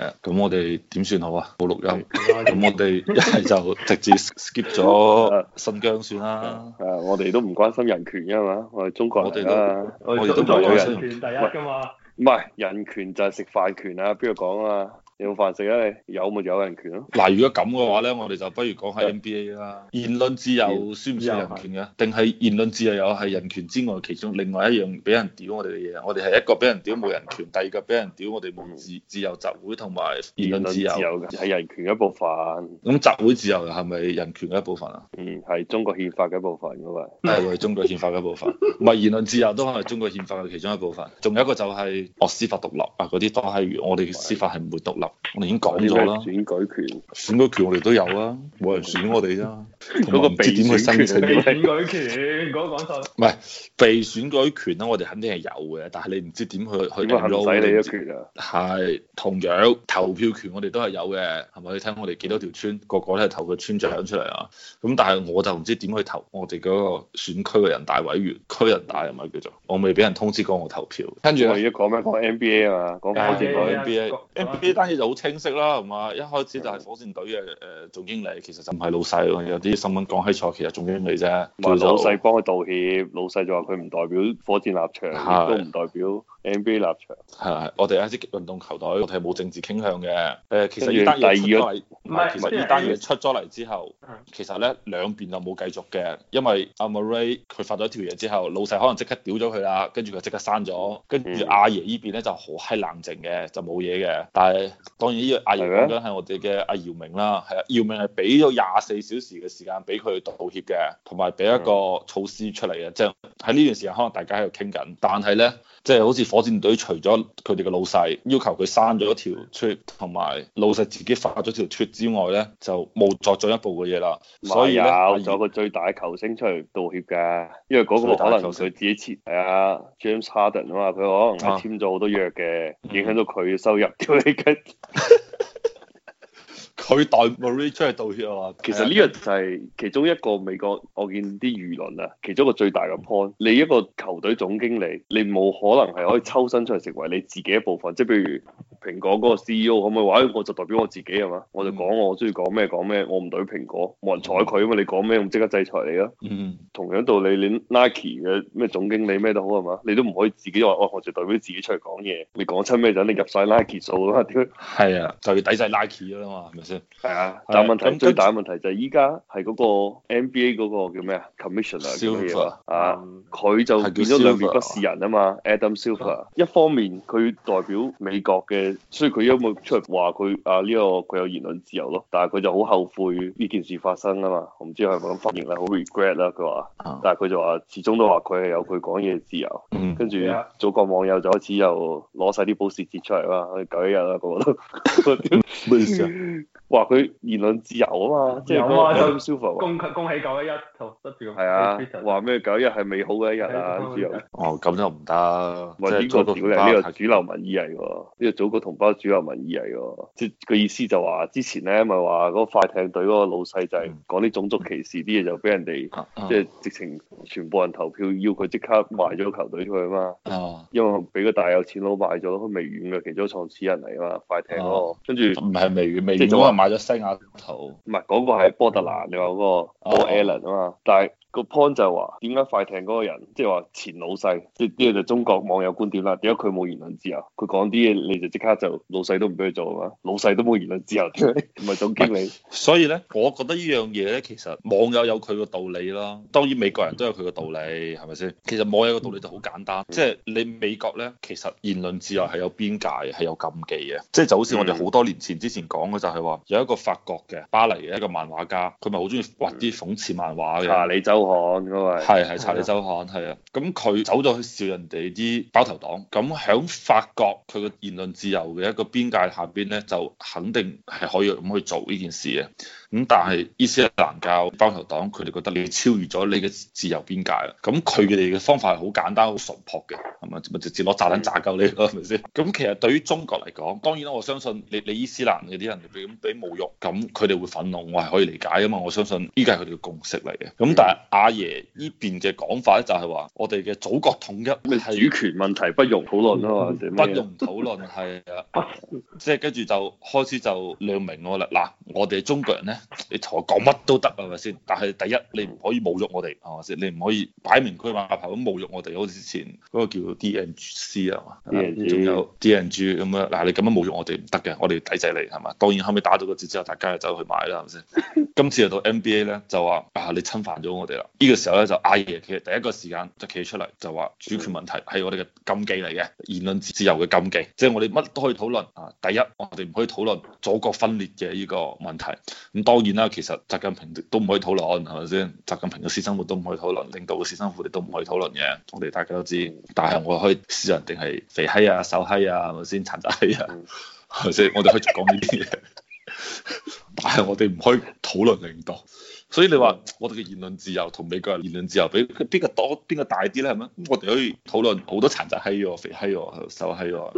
誒，咁、嗯、我哋點算好啊？冇錄音，咁 我哋一係就直接 skip 咗新疆算啦。誒， 我哋都唔關心人權啊嘛，我哋中國人啊，我哋都係人權第一嘅嘛。唔係人權，就係食飯權啊，邊個講啊？有飯食啊！你有咪有，有人權咯？嗱、啊，如果咁嘅話咧，我哋就不如講下 NBA 啦。言論自由算唔算人權嘅？定係是言論自由有係人權之外其中另外一樣俾人屌我哋嘅嘢啊！我哋係一個俾人屌冇人權，第二個俾人屌我哋冇自自由集會同埋、嗯、言論自由嘅係人權一部分。咁集會自由係咪人權嘅一部分啊？嗯，係中國憲法嘅一部分噶嘛？係中國憲法嘅一部分，唔係 言論自由都係中國憲法嘅其中一部分。仲有一個就係我司法獨立啊！嗰啲當係我哋嘅司法係唔會獨立。我哋已經講咗啦，選舉權，選舉權我哋都有啊，冇人選我哋啫，同埋唔知點去申請選舉權，講講錯。唔係被選舉權啦，我哋肯定係有嘅，但係你唔知點去去人咯。唔使你嘅權啊，係同樣投票權我哋都係有嘅，係咪？你睇我哋幾多條村，個個都係投個村長出嚟啊。咁但係我就唔知點去投我哋嗰個選區嘅人大委員，區人大係咪叫做？我未俾人通知過我投票。跟住我而家講咩？講 NBA 啊嘛，講火箭個 NBA 就好清晰啦，係嘛？一開始就係火箭隊嘅誒總經理，其實就唔係老細咯。有啲新聞講起錯，其實總經理啫，同埋老細幫佢道歉，老細就話佢唔代表火箭立場，亦的都唔代表。NBA 立場係，我哋係一支運動球隊，我哋係冇政治傾向嘅。誒、呃，其實要單嘢出咗嚟，唔係，其實呢單嘢出咗嚟之後，其實咧兩邊就冇繼續嘅，因為阿莫 Ray 佢發咗條嘢之後，老細可能即刻屌咗佢啦，跟住佢即刻刪咗，跟住阿爺邊呢邊咧就好閪冷靜嘅，就冇嘢嘅。但係當然呢個阿爺講緊係我哋嘅阿姚明啦，係啊姚明係俾咗廿四小時嘅時間俾佢道歉嘅，同埋俾一個措施出嚟嘅，即係喺呢段時間可能大家喺度傾緊，但係咧即係好似。火箭隊除咗佢哋嘅老細要求佢刪咗條 trip，同埋老細自己發咗條 trip 之外咧，就冇作進一步嘅嘢啦。所以、哎、呦有咗有個最大球星出嚟道歉㗎，因為嗰個可能佢自己簽係啊 James Harden 啊嘛，佢可能係簽咗好多約嘅，啊、影響到佢嘅收入條嚟 佢代 Maria 出嚟道歉啊嘛，其實呢個就係其中一個美國我見啲輿論啊，其中一個最大嘅 point，你一個球隊總經理，你冇可能係可以抽身出嚟成為你自己一部分，即係譬如。蘋果嗰個 CEO 可唔可、哎、以話？我就代表我自己係嘛？我就講我中意講咩講咩，我唔對蘋果，冇人睬佢啊嘛！你講咩，咁即刻制裁你啦。嗯，同樣道理，你 Nike 嘅咩總經理咩都好係嘛？你都唔可以自己話，我就代表自己出嚟講嘢。你講出咩就你入晒 Nike 數啦。點解？係啊，就要、是、抵晒 Nike 咯嘛，係咪先？係啊，啊啊但係問題那最大嘅問題就係依家係嗰個 NBA 嗰個叫咩啊 Commission 啊、er, 咁嘅嘢 Silver, 啊，佢、嗯、就變咗兩面不是人啊嘛。啊 Adam Silver、啊、一方面佢代表美國嘅。所以佢又冇出嚟話佢啊呢、這個佢有言論自由咯，但係佢就好後悔呢件事發生啊嘛，我唔知係咪咁發言啦，好 regret 啦佢、oh. 話，但係佢就話始終都話佢係有佢講嘢自由，mm hmm. 跟住祖國網友就開始又攞晒啲保時捷出嚟啦，久一日啦、啊，個個都，唔一樣。話佢言論自由啊嘛，即係咁。有啊，周生恭喜九一一，好得住個。係啊，話咩九一一係美好嘅一日啊，自由。哦，咁就唔得，即係呢個主流民意嚟喎，呢個祖國同胞主流民意嚟喎。即係個意思就話之前咧，咪話嗰個快艇隊嗰個老細就係講啲種族歧視啲嘢，就俾人哋即係直情全部人投票要佢即刻賣咗球隊出去啊嘛。哦。因為俾個大有錢佬賣咗，佢微軟嘅其中創始人嚟啊嘛，快艇咯。跟住唔係微軟，未買咗西雅圖，唔係嗰個，係波特蘭，你話嗰個 Bob Allen 啊嘛，但係。個 point 就係話點解快艇嗰個人即係話前老細，即係啲就中國網友觀點啦。點解佢冇言論自由？佢講啲嘢你就即刻就老細都唔俾佢做啊嘛，老細都冇言論自由，唔 係總經理。 所以咧，我覺得呢樣嘢咧，其實網友有佢個道理啦。當然美國人都有佢個道理，係咪先？其實網友個道理就好簡單，即係你美國咧，其實言論自由係有邊界，係有禁忌嘅。即係就好似我哋好多年前之前講嘅，就係話有一個法國嘅巴黎嘅一個漫畫家，佢咪好中意畫啲諷刺漫畫嘅。你走。周刊嗰位係係查理周刊係啊，咁佢走咗去笑人哋啲包頭黨，咁喺法國佢個言論自由嘅一個邊界下邊咧，就肯定係可以咁去做呢件事嘅。咁但係伊斯蘭教包頭黨，佢哋覺得你超越咗你嘅自由邊界啦，咁佢哋嘅方法係好簡單、好淳樸嘅，係咪？咪直接攞炸彈炸鳩你咯，係咪先？咁其實對於中國嚟講，當然啦，我相信你你伊斯蘭嗰啲人俾俾侮辱，咁佢哋會憤怒，我係可以理解啊嘛。我相信依家係佢哋嘅共識嚟嘅。咁但係。阿爺呢邊嘅講法咧，就係話我哋嘅祖國統一嘅主權問題不容討論啊嘛，定咩啊？不容討論係啊，即係跟住就開始就亮明我啦。嗱，我哋中國人咧，你同我講乜都得係咪先？但係第一你唔可以侮辱我哋係咪先？你唔可以擺明句話阿咁侮辱我哋，好似之前嗰個叫 D N C 啊嘛，仲 NG 有 D N G 咁樣。嗱，你咁樣侮辱我哋唔得嘅，我哋抵制你係嘛？當然後尾打咗個折之後，大家就走去買啦係咪先？ 今次嚟到 N B A 咧就話啊，你侵犯咗我哋。呢個時候咧就阿爺其實第一個時間就企出嚟就話主權問題係我哋嘅禁忌嚟嘅，言論自由嘅禁忌，即係我哋乜都可以討論啊。第一我哋唔可以討論祖國分裂嘅呢個問題。咁當然啦，其實習近平都唔可以討論，係咪先？習近平嘅私生活都唔可以討論，領導嘅私生活亦都唔可以討論嘅。我哋大家都知，但係我可以私人定係肥閪啊、瘦閪啊，係咪先？殘疾閪啊？係咪先？ 我哋可以講呢啲嘢，但係我哋唔可以討論領導。所以你話我哋嘅言論自由同美國人言論自由比邊個多邊個大啲咧？係咪？我哋可以討論好多殘疾閪喎、肥閪喎、瘦閪喎，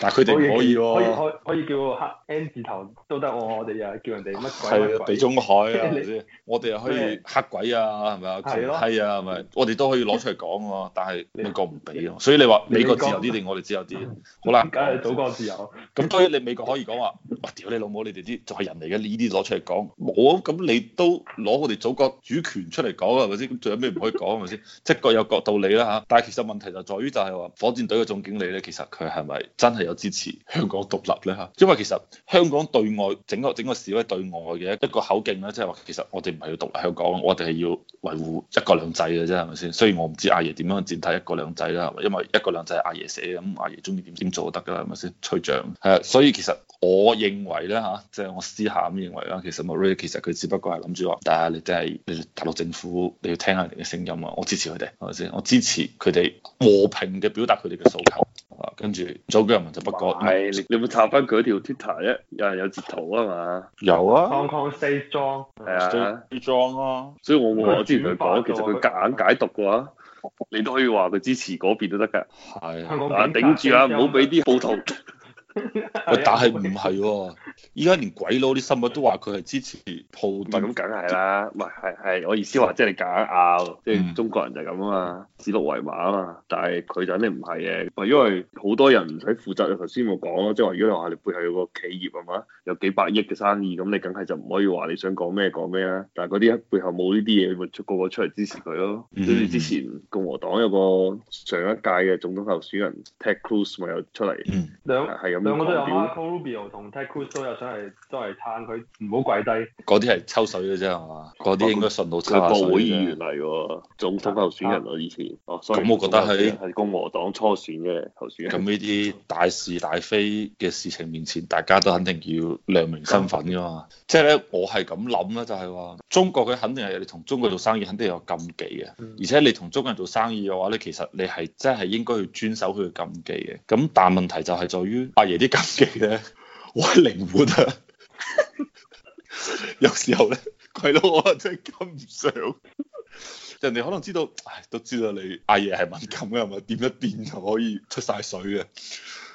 但係佢哋唔可以喎、喔。可，可以可以叫黑 N 字頭都得喎、啊，我哋又叫人哋乜鬼地、啊、中海啊，是是 你 我哋又可以黑鬼啊，係咪 是啊，啊？係咯。係啊，係咪？我哋都可以攞出嚟講喎，但係美國唔俾喎。所以你話美國自由啲定我哋自由啲？ 嗯、好啦，梗係祖國自由、 啊。咁當然你美國可以講話，哇屌你老母！你哋啲就係人嚟嘅呢啲攞出嚟講冇咁你都。攞我哋祖國主權出嚟講啊，係咪先？咁仲有咩唔可以講，係咪先？即係各有各道理啦嚇。但係其實問題就在於，就係話火箭隊嘅總經理咧，其實佢係咪真係有支持香港獨立咧嚇？因為其實香港對外整個整個示威對外嘅一個口徑咧，即係話其實我哋唔係要獨立香港，我哋係要維護一國兩制嘅啫，係咪先？雖然我唔知阿爺點樣去見解一國兩制啦，係咪？因為一國兩制阿爺寫咁，阿爺中意點點做得㗎啦，係咪先？吹漲係啊，所以其實我認為咧嚇，即係我私下咁認為啦，其實莫瑞其實佢只不過係諗住話。但係你真係，你大陸政府你要聽下你嘅聲音啊！我支持佢哋，係咪先？我支持佢哋和平嘅表達佢哋嘅訴求。啊，跟住早幾日就不過，唔是你你會查返佢嗰條 Twitter 咧，啊？有人有截圖啊嘛？有啊。Hong Kong say strong 係啊，strong 咯。所以我我之前同佢講，啊、其實佢夾硬解讀嘅話，那個， 你都可以話佢支持嗰邊都得㗎。係，啊。啊！頂住啊，唔好俾啲暴徒。 喂， 但係唔係喎，依家連鬼佬啲新聞都話佢係支持暴徒，咁梗係啦，唔係係係我意思話，即係你假拗，即係中國人就係咁啊嘛，指鹿為馬啊嘛，但係佢就肯定唔係嘅，因為好多人唔使負責，你頭先我講咯，即係話如果話你背後有個企業係嘛，有幾百億嘅生意，咁你梗係就唔可以話你想講咩講咩啦，但係嗰啲背後冇呢啲嘢，咪出個個出嚟支持佢咯，即係、嗯、之前共和黨有個上一屆嘅總統候選人 Ted Cruz 咪又出嚟，係咁、嗯。嗯。兩個都有啊，Rubio 同 Ted Cruz 都有想係都係撐佢，唔好跪低。嗰啲係抽水嘅啫係嘛？嗰啲應該順路抽下水啫。佢、啊、國會議員嚟喎，總統候選人喎、啊，以前哦。咁、啊、我覺得喺係共和黨初選嘅候選人。咁呢啲大是大非嘅事情面前，大家都肯定要亮明身份㗎嘛。即係咧，我係咁諗啦，就係、是、話中國佢肯定係你同中國做生意肯定有禁忌嘅，嗯、而且你同中國人做生意嘅話咧，其實你係真係應該要遵守佢嘅禁忌嘅。咁但係問題就係在於啲禁忌咧，好靈活啊！ 有時候咧，鬼佬我真係跟唔上， 人哋可能知道，唉，都知道你阿爺係敏感嘅，係咪點一點就可以出晒水嘅？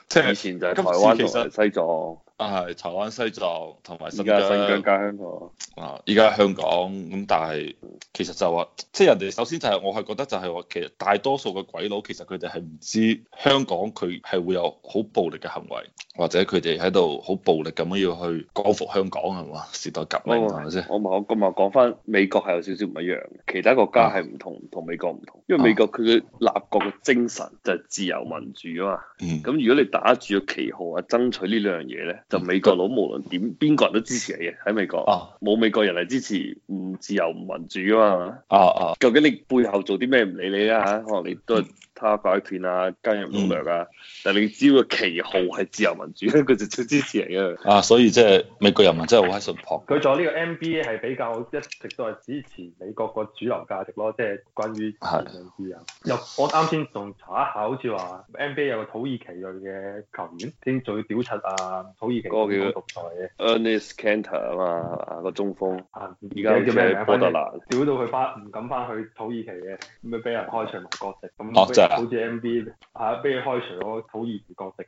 即係以前就係台灣其實西藏。啊，係台灣、西藏同埋新疆，依家新疆加香港，啊，依家香港咁，但係其實就話、是就是，即係人哋首先就係、是、我係覺得就係、是、話，其實大多數嘅鬼佬其實佢哋係唔知香港佢係會有好暴力嘅行為，或者佢哋喺度好暴力咁樣要去光復香港係嘛？時代革命係咪先？我我咁咪講返美國係有少少唔一樣，其他國家係唔同，同、嗯、美國唔同，因為美國佢嘅立國嘅精神就係自由民主啊嘛嗯。嗯。咁如果你打住個旗號啊，爭取呢兩樣嘢咧？就美國佬，無論點邊個人都支持你嘅喺美國，冇、啊、美國人嚟支持唔自由唔民主噶嘛。啊啊，啊究竟你背後做啲咩唔理你啊嚇？可能你都係他改編啊、加入僆啊，嗯、但係你只要個旗號係自由民主，佢就支持嚟嘅。啊，所以即係美國人民真係好閪順從。佢做呢個 NBA 係比較一直都係支持美國個主流價值咯，即、就、係、是、關於平等自由。的我啱先仲查一下，好似話 NBA 有個土耳其裔嘅球員，先仲要屌柒啊土耳嗰個叫個獨裁嘅，Ernest Cantor 啊嘛，個中鋒啊。而家住喺波特蘭，屌到佢翻唔敢翻去土耳其嘅，咁，咪俾人開除埋國籍咁好似 M B，係啊，俾人、啊、開除咗土耳其國籍。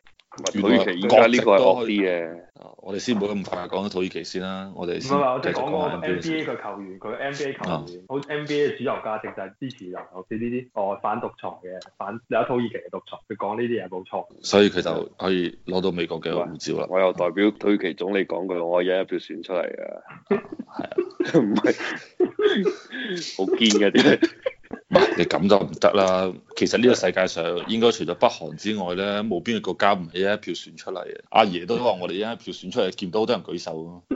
土耳其依家呢個係惡啲嘅，我哋先唔好咁快講土耳其先啦，我哋唔係我即係講個 NBA 嘅球員，佢 NBA 球員，好似 NBA 嘅主流價值就係支持人權呢啲，哦，反獨裁嘅，反有土耳其嘅獨裁，佢講呢啲嘢冇錯，所以佢就可以攞到美國嘅護照啦。我又代表土耳其總理講句，我有一票選出嚟嘅，係啊 不是，唔 係好堅嘅啲。你咁就唔得啦。其實呢個世界上應該除咗北韓之外咧，冇邊個國家唔係一票選出嚟嘅。阿爺，爺都話我哋一票選出嚟，見到好多人舉手咯、啊。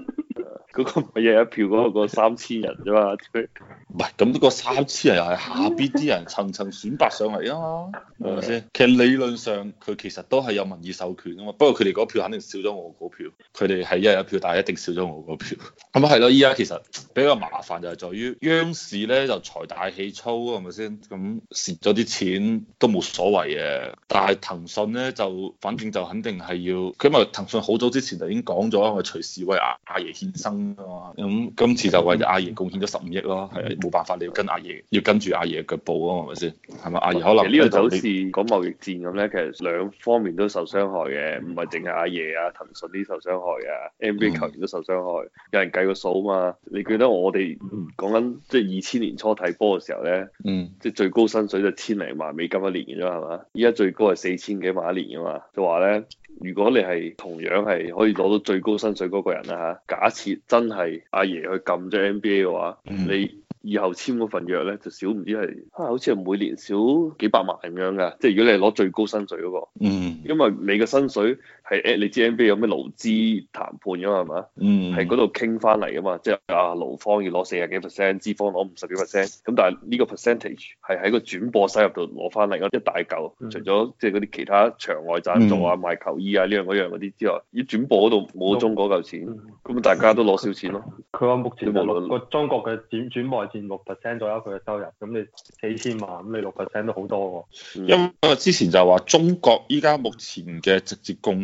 嗰 個乜嘢一票嗰、嗰個嗰個三千人啫嘛。唔 係，咁、嗰、嗰、個、三千人又係下邊啲人層層選拔上嚟啊嘛。係咪先？其實理論上佢其實都係有民意授權啊嘛，不過佢哋嗰票肯定少咗我嗰票。佢哋係一日一票，但係一定少咗我嗰票。咁啊係咯，依家其實比較麻煩就係在於央視咧就財大氣粗啊，係咪先？咁蝕咗啲錢都冇所謂嘅。但係騰訊咧就，反正就肯定係要，因為騰訊好早之前就已經講咗，我隨時為阿阿爺獻身啊嘛。咁今次就為阿爺貢獻咗十五億咯，係冇的辦法，你要跟阿爺，要跟住阿爺嘅腳步啊嘛，係咪先？係咪阿爺可能咧就？這是 講貿易戰咁咧，其實兩方面都受傷害嘅，唔係淨係阿爺啊、騰訊啲受傷害嘅、啊、，NBA 球員都受傷害。嗯、有人計個數嘛。你記得我哋講緊即係二千年初睇波嘅時候咧，嗯、即係最高薪水就千零萬美金一年嘅嘛，係嘛？依家最高係四千幾萬一年噶嘛？就話咧，如果你係同樣係可以攞到最高薪水嗰個人啦吓，假設真係阿爺去禁咗 NBA 嘅話，嗯、你。以後簽嗰份約咧，就少唔知係啊，好似係每年少幾百萬咁樣噶。即係如果你係攞最高薪水嗰個，嗯，因為你嘅薪水。係誒，你知 NBA 有咩勞資談判㗎、嗯、嘛？係、就、嘛、是？係嗰度傾翻嚟㗎嘛？即係阿勞方要攞四十幾 percent，資方攞五十幾 percent。咁、嗯嗯嗯、但係呢個 percentage 係喺個轉播收入度攞翻嚟一大嚿，除咗即係嗰啲其他場外贊助啊、賣球衣啊呢樣嗰樣嗰啲之外，啲轉播嗰度冇中國嗰嚿錢，咁、嗯嗯、大家都攞少錢咯。佢話目前個中國嘅轉轉播佔六 percent 左右，佢嘅收入咁你四千萬，咁你六 percent 都好多喎。嗯、因為之前就話中國依家目前嘅直接供。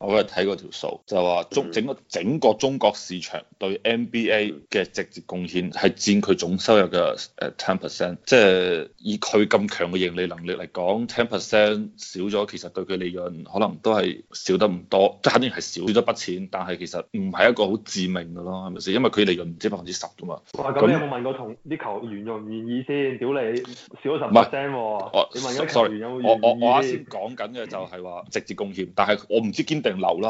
我嗰日睇嗰條數，就話中整個、嗯、整個中國市場對 NBA 嘅直接貢獻係佔佢總收入嘅誒 ten percent，即係以佢咁強嘅盈利能力嚟講，ten percent 少咗，其實對佢利潤可能都係少得唔多，即肯定係少咗筆錢。但係其實唔係一個好致命嘅咯，係咪先？因為佢利潤唔知百分之十噶嘛。咁你有冇問過同啲球員願唔願意先？屌那你少咗十 percent 喎！你問啲球員有冇願意先？我我我啱先講緊嘅就係話直接貢獻，但係我唔知堅流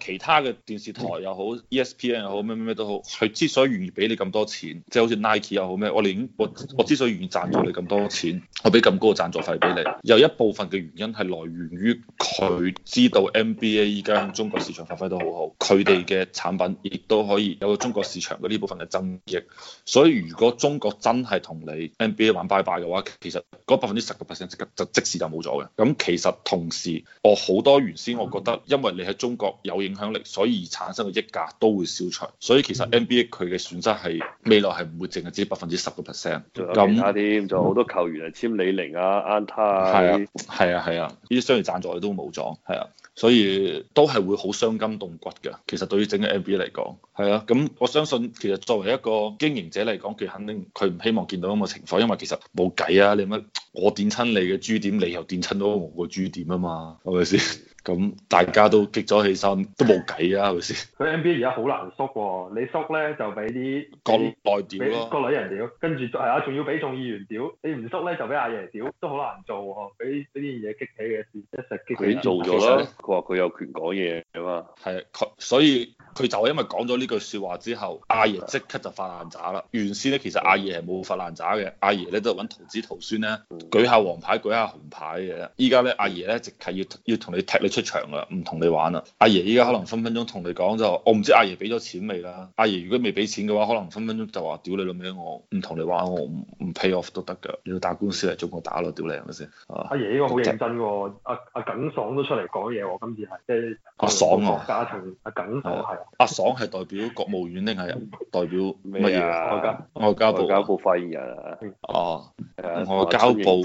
其他嘅電視台又好，ESPN 又好，咩咩都好，佢之所以願意俾你咁多錢，即係好似 Nike 又好咩，我連我我之所以願意贊助你咁多錢，我俾咁高嘅贊助費俾你，有一部分嘅原因係來源於佢知道 NBA 依家喺中國市場發揮得好好，佢哋嘅產品亦都可以有中國市場嘅呢部分嘅增益，所以如果中國真係同你 NBA 玩拜拜嘅話，其實嗰百分之十個 percent 即就即時就冇咗嘅。咁其實同時我好多原先我覺得因為你喺中國有影響力，所以產生嘅溢價都會消除，所以其實 NBA 佢嘅損失係未來係唔會淨係只百分之十個 percent，咁樣啲，仲有好多球員係簽李寧啊、安踏，係啊係啊係啊，呢啲商業贊助都冇咗，係啊，所以都係會好傷筋動骨㗎。其實對於整個 NBA 嚟講，係啊，咁我相信其實作為一個經營者嚟講，佢肯定佢唔希望見到咁嘅情況，因為其實冇計啊，你乜我點親你嘅豬點，你又點親到我個豬點啊嘛，係咪先？咁大家都激咗起身，都冇計啊，係咪先？佢 NBA 而家好難縮喎，你縮咧就俾啲代表屌，個女、哦、人屌，跟住係啊，仲要俾眾議員屌，你唔縮咧就俾阿爺屌，都好難做喎，俾呢啲嘢激起嘅事，一時激。佢做咗啦，佢話佢有權講嘢啊嘛。係，佢所以。佢就因為講咗呢句説話之後，阿爺即刻就發爛渣啦。原先咧，其實阿爺係冇發爛渣嘅，阿爺咧都係揾徒子徒孫咧舉下黃牌舉下紅牌嘅。依家咧，阿爺咧直係要要同你踢你出場啦，唔同你玩啦。阿爺依家可能分分鐘同你講就，我唔知阿爺俾咗錢未啦。阿爺如果未俾錢嘅話，可能分分鐘就話屌你老味，我唔同你玩，我唔唔 pay off 都得㗎。你要打官司嚟仲我打咯，屌你係咪先？阿爺呢個好認真喎。阿阿耿爽都出嚟講嘢喎，今次係阿爽啊，家庭。阿耿爽阿爽係代表國務院定係代表乜嘢啊？外交部、啊、外交部發言人啊，哦、啊，外交部。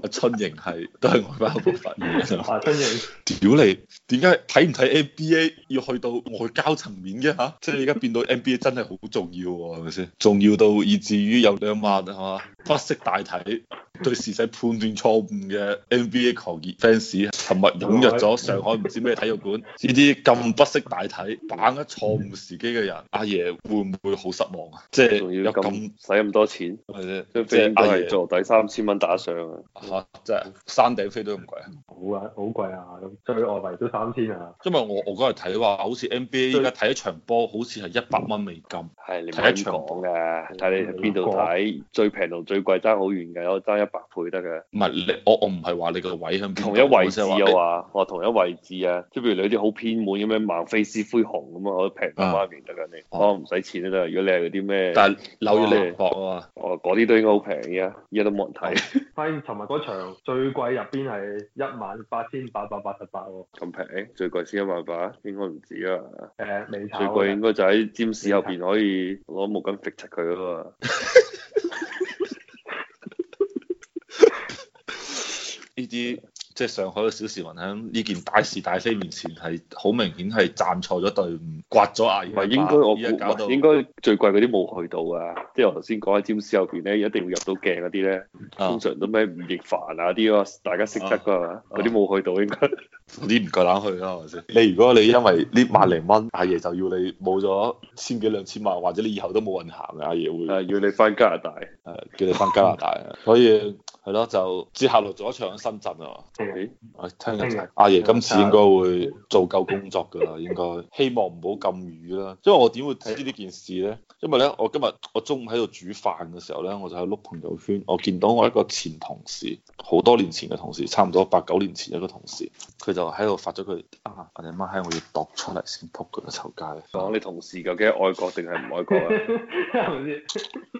阿、啊、春瑩係都係外交部發言嘅， 啊、春瑩瑩，屌你，點解睇唔睇 NBA 要去到外交層面嘅吓？即係而家變到 NBA 真係好重要喎，係咪先？重要到以至於有兩萬係咪不識大體，對時勢判斷錯誤嘅 NBA 狂熱 fans，琴日湧入咗上海唔知咩體育館，呢啲咁不識大體，把握錯誤時機嘅人，阿、啊、爺會唔會好失望啊？即係仲要咁使咁多錢，即係硬係坐底三千蚊打上啊！嚇！真係山頂飛都咁貴啊！好啊，好貴啊！咁最外圍都三千啊！因為我我嗰日睇話，好似 NBA 而家睇一場波，好似係一百蚊美金，係你睇唔講嘅，睇你邊度睇，最平同最貴爭好遠嘅，可以爭一百倍得嘅。唔係你我我唔係話你個位響同一位置啊嘛，我同一位置啊，即係譬如你啲好偏門咁咩孟菲斯灰熊咁啊，可以平到媽咪得嘅你。我唔使錢啊！真係，如果你係嗰啲咩但紐約、美國啊嘛，哦嗰啲都應該好平嘅，家，而家都冇人睇。同埋嗰場最貴入邊係一萬八千八百八十八喎，咁平最貴先一萬八，應該唔止啊。誒未、嗯、炒。最貴應該就喺佔士後邊可以攞毛巾揈出佢啊嘛。呢，咦？即係上海嘅小市民喺呢件大是大非面前係好明顯係站錯咗隊伍，刮咗阿爺。唔係應該我估，應該最貴嗰啲冇去到啊！即係我頭先講喺占士後邊咧，一定會入到鏡嗰啲咧，通常都咩吳亦凡啊啲啊，大家識得噶嘛？嗰啲冇去到應該，你唔夠膽去啦，係咪先？你如果你因為呢萬零蚊，阿爺就要你冇咗千幾兩千萬，或者你以後都冇運行啊。阿爺會係要你翻加拿大，係叫你翻加拿大，啊。所以。係咯，就接下落咗一場喺深圳啊嘛。我聽日阿爺今次應該會做夠工作噶啦，應該。希望唔好咁雨啦，因為我點會知呢件事咧？因為咧，我今日我中午喺度煮飯嘅時候咧，我就喺碌朋友圈，我見到我一個前同事，好多年前嘅同事，差唔多八九年前一個同事，佢就喺度發咗句啊！我哋媽閪，我要度出嚟，先撲佢啦，臭街！講你同事究竟係愛國定係唔愛國啊？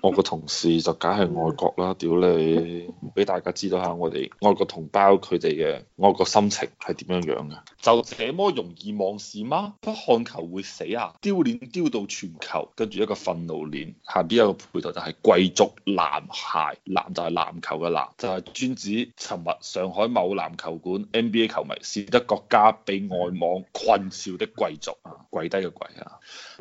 我個同事就梗係愛國啦，屌你！俾大家知道下我哋外國同胞佢哋嘅愛國心情係點樣樣嘅，就這麼容易忘事嗎？不看球會死啊？丟臉丟到全球，跟住一個憤怒鏈下邊一個配圖就係跪族籃孩，籃就係籃球嘅籃，就係、是、專指尋日上海某籃球館 NBA 球迷視得國家被外網困笑的跪族啊，跪低嘅跪啊！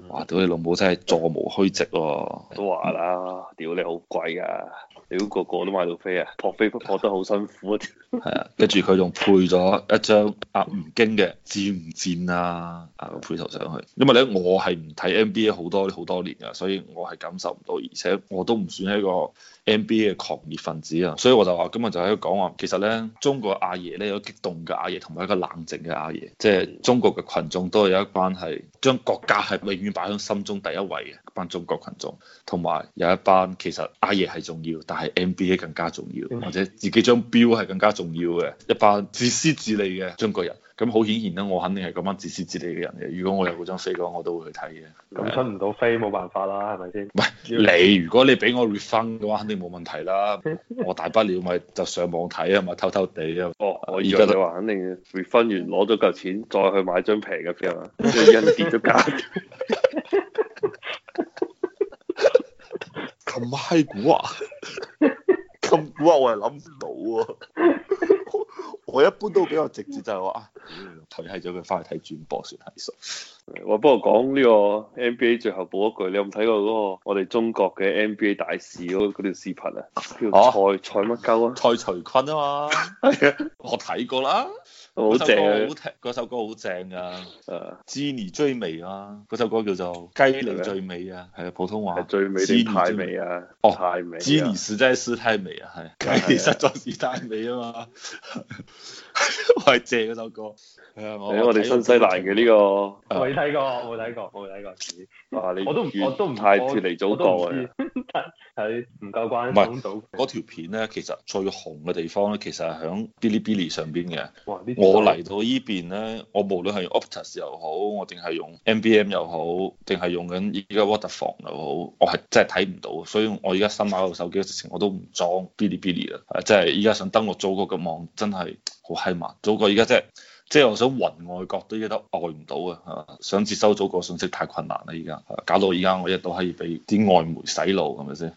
哇，屌你老母真係座無虛席、啊，都話啦，屌你好貴噶、啊，屌、啊啊啊、個個都買到飛啊！學 Facebook 學得好辛苦啊 ！係啊，跟住佢仲配咗一張阿吳京嘅戰唔戰啊，配圖上去。因為咧，我係唔睇 NBA 好多好多年啊，所以我係感受唔到，而且我都唔算係一個 NBA 嘅狂熱分子啊，所以我就話今日就喺度講話，其實咧中國阿爺咧有激動嘅阿爺，同埋一個冷靜嘅阿爺，即係中國嘅群眾都係有一關係，將國家係永遠擺喺心中第一位嘅。班中國群眾，同埋有，有一班其實阿爺係重要，但係 NBA 更加重要，嗯、或者自己張表係更加重要嘅一班自私自利嘅中國人。咁好顯然啦，我肯定係咁班自私自利嘅人嘅。如果我有嗰張飛嘅話，我都會去睇嘅。咁、嗯嗯、出唔到飛，冇辦法啦，係咪先？唔係不要你，如果你俾我 refund 嘅話，肯定冇問題啦。 我大不了咪就上網睇啊，咪偷偷地啊。 哦，我而家就話肯定 refund 完，攞咗嚿錢再去買張平嘅票，啊嘛，即係因跌咗價。咁閪估啊！咁古啊，我係諗唔到。啊， 我一般都比較直接就，就、哎、係話啊，睇低咗佢，翻去睇轉播算係數。喂，我不過講呢個 NBA 最後補一句，你有冇睇過嗰個我哋中國嘅 NBA 大使嗰嗰段視頻啊？蔡蔡乜鳩啊？蔡徐坤啊嘛。 的我睇過啦。好正，歌好聽，嗰首歌好正啊。呃，雞你最美啊，嗰首歌叫做《雞你最美》啊，係啊，普通話。最美，太美啊！哦，太美，雞你實在是太美啊，係。係，實在是太美啊嘛。我係借嗰首歌。係啊，我哋新西蘭嘅呢個。未睇過，冇睇過，冇睇過。我都我都唔太脫離祖國嘅。睇唔夠關注到。唔係，嗰條片咧，其實最紅嘅地方咧，其實係響嗶哩嗶哩上邊嘅。哇，呢。我嚟到依邊咧，我無論係 Optus 又好，我定係用 M B M 又好，定係用緊依家 Waterfall 又好，我係真係睇唔到，所以我而家新買部手機直情，我都唔裝嗶哩嗶哩啦，啊，真係依家想登錄祖國嘅網真係好閪難，祖國而家即係，即係、即係即係、我想云外國都依家都外唔到啊，啊，想接收祖國信息太困難啦，而家搞到而家我一日都可以俾啲外媒洗腦，係咪先？